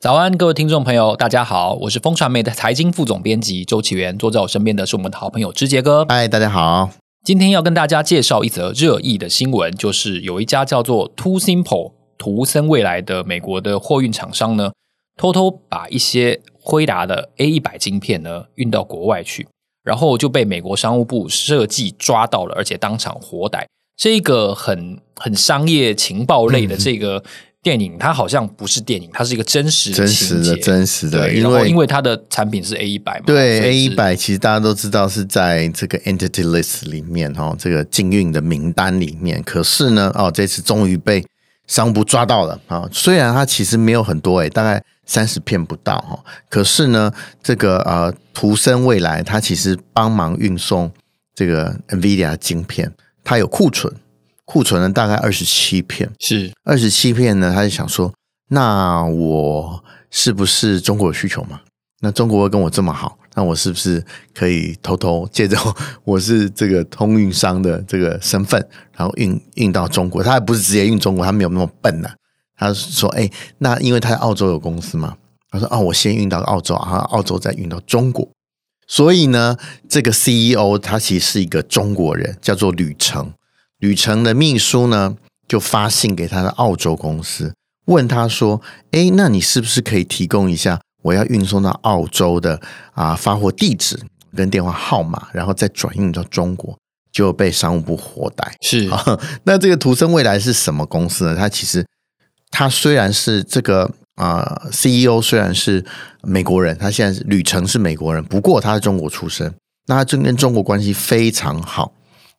早安，各位聽眾朋友，大家好，我是風傳媒的財經副總編輯周岐原。坐在我身邊的是我們的好朋友之杰哥。嗨，大家好，今天要跟大家介紹一則熱議的新聞，就是有一家叫做 Too Simple 圖森未來的美國的貨運廠商呢，偷偷把一些輝達的 A 一百晶片呢運到國外去，然後就被美國商務部設計抓到了，而且當場活逮。這個很很商業情報類的這個。嗯電影它好像不是電影，它是一個真實真實的真實的，真實的對因為因為它的產品是 A100 嘛，對 A100，其實大家都知道是在這個 Entity List 裡面哈，這個禁運的名單裡面。可是呢，哦，這次終於被商務部抓到了啊！雖然它其實沒有很多，哎，大概三十片不到哈。可是呢，這個呃，圖森未來它其實幫忙運送這個 NVIDIA 晶片，它有庫存。庫存了大概二十七片，是二十七片呢？他就想說，那我是不是中國有需求嘛？那中國會跟我這麼好，那我是不是可以偷偷借着我是這個通運商的這個身份，然後運運到中國？他還不是直接運中國，他沒有那麼笨呢、啊。他說：“哎、欸，那因為他在澳洲有公司嘛。”他說：“哦，我先運到澳洲啊，然後澳洲再運到中國。所以呢，這個 CEO 他其實是一個中國人，叫做呂成。”旅程的秘書呢，就發信給他的澳洲公司，問他說：“哎、欸，那你是不是可以提供一下我要運送到澳洲的啊、呃、發貨地址跟電話號碼，然後再轉運到中國？”就被商務部活逮。是，啊，那這個圖森未來是什麼公司呢？他其實他雖然是這個啊、呃、CEO，雖然是美國人，他現在旅程是美國人，不過他在中國出生，那他真跟中國關係非常好。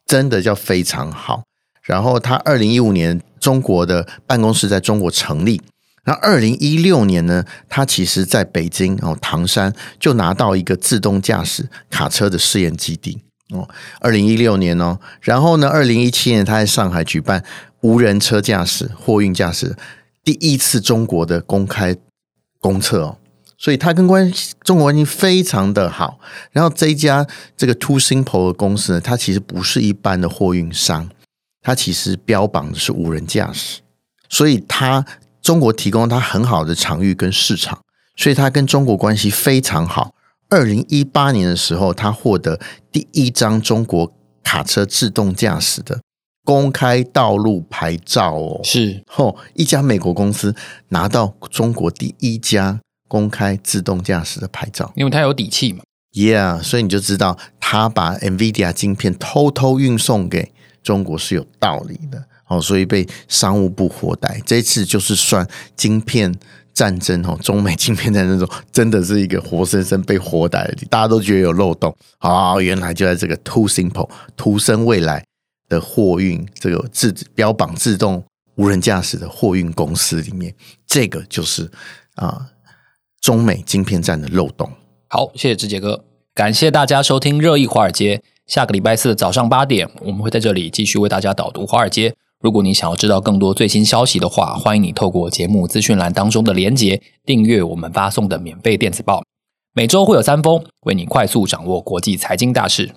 真的叫非常好，然後他二零一五年中國的辦公室在中國成立，那二零一六年呢，他其實在北京哦、唐山就拿到一個自動駕駛卡車的試驗基地哦，二零一六年哦，然後呢，二零一七年他在上海舉辦無人車駕駛、貨運駕駛第一次中國的公開公測哦。所以他跟關係中國關係非常的好，然後這一家這個 TuSimple 的公司呢，它其實不是一般的貨運商，它其實標榜的是無人駕駛，所以它中國提供它很好的場域跟市場，所以它跟中國關係非常好。二零一八年的時候，它獲得第一張中國卡車自動駕駛的公開道路牌照哦是，是後一家美國公司拿到中國第一家。公開自動駕駛的牌照，因為他有底氣嘛。Yeah，所以你就知道他把 NVIDIA 晶片偷偷運送給中國是有道理的。所以被商務部活逮，這次就是算晶片戰爭哦。中美晶片戰爭中，真的是一個活生生被活逮，大家都覺得有漏洞。哦，原來就在這個 Too Simple 圖森未來的貨運這個自標榜自動無人駕駛的貨運公司裡面，這個就是啊。呃中美晶片戰的漏洞。好，謝謝之杰哥，感謝大家收聽熱議華爾街。下個禮拜四早上八點，我們會在這裡繼續為大家導讀華爾街。如果你想要知道更多最新消息的話，歡迎你透過節目資訊欄當中的連結訂閱我們發送的免費電子報，每周會有三封，為你快速掌握國際財經大事。